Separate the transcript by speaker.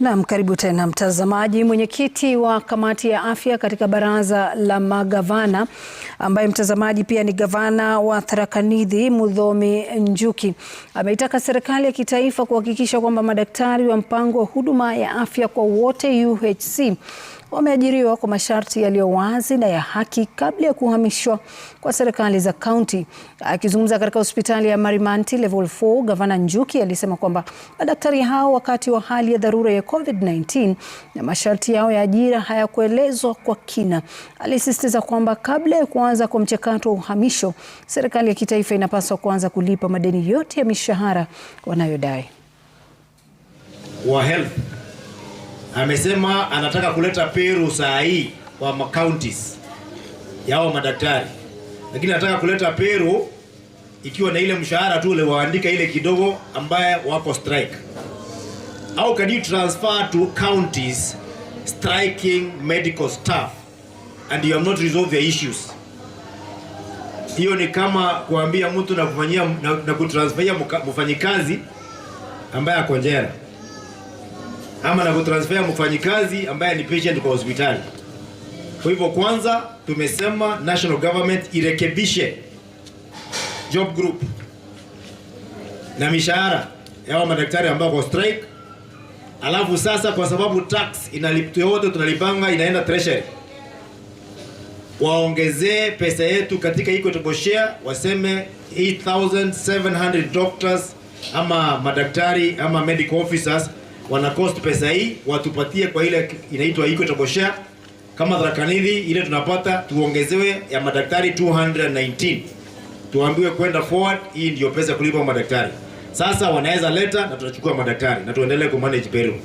Speaker 1: Naam, karibu tena mtazamaji. Mwenyekiti wa kamati ya afya katika baraza la magavana ambaye mtazamaji pia ni gavana wa Tharaka Nithi Muthomi Njuki ameitaka serikali ya kitaifa kuhakikisha kwamba madaktari wa mpango wa huduma ya afya kwa wote UHC wameajiriwa kwa masharti yaliyo wazi na ya haki kabla ya kuhamishwa kwa serikali za kaunti. Akizungumza katika hospitali ya Marimanti level 4, Gavana Njuki alisema kwamba madaktari hao wakati wa hali ya dharura ya COVID-19 na masharti yao ya ajira hayakuelezwa kwa kina. Alisisitiza kwamba kabla ya kuanza kwa mchakato wa uhamisho, serikali ya kitaifa inapaswa kuanza kulipa madeni yote ya mishahara wanayodai.
Speaker 2: Wa health amesema anataka kuleta peru saa hii kwa counties yao madaktari, lakini anataka kuleta peru ikiwa na ile mshahara tu ile waandika ile kidogo ambaye wako strike. How can you transfer to counties striking medical staff and you have not resolved the issues? Hiyo ni kama kuambia mtu na kufanyia na, na kutransferia mfanyikazi ambaye ako njera ama na kutransfer mfanyikazi ambaye ni patient kwa hospitali. Kwa hivyo kwanza tumesema national government irekebishe job group na mishahara ya madaktari ambao kwa strike. Alafu sasa kwa sababu tax inalipwa yote tunalipanga inaenda treasury. Waongezee pesa yetu katika equitable share waseme 8700 doctors ama madaktari ama medical officers wana cost pesa hii watupatie kwa ile inaitwa equitable share kama dharakanidhi ile tunapata tuongezewe ya madaktari 219 tuambiwe kwenda forward, hii ndio pesa kulipa madaktari. Sasa wanaweza leta na tutachukua madaktari na tuendelee manage payroll.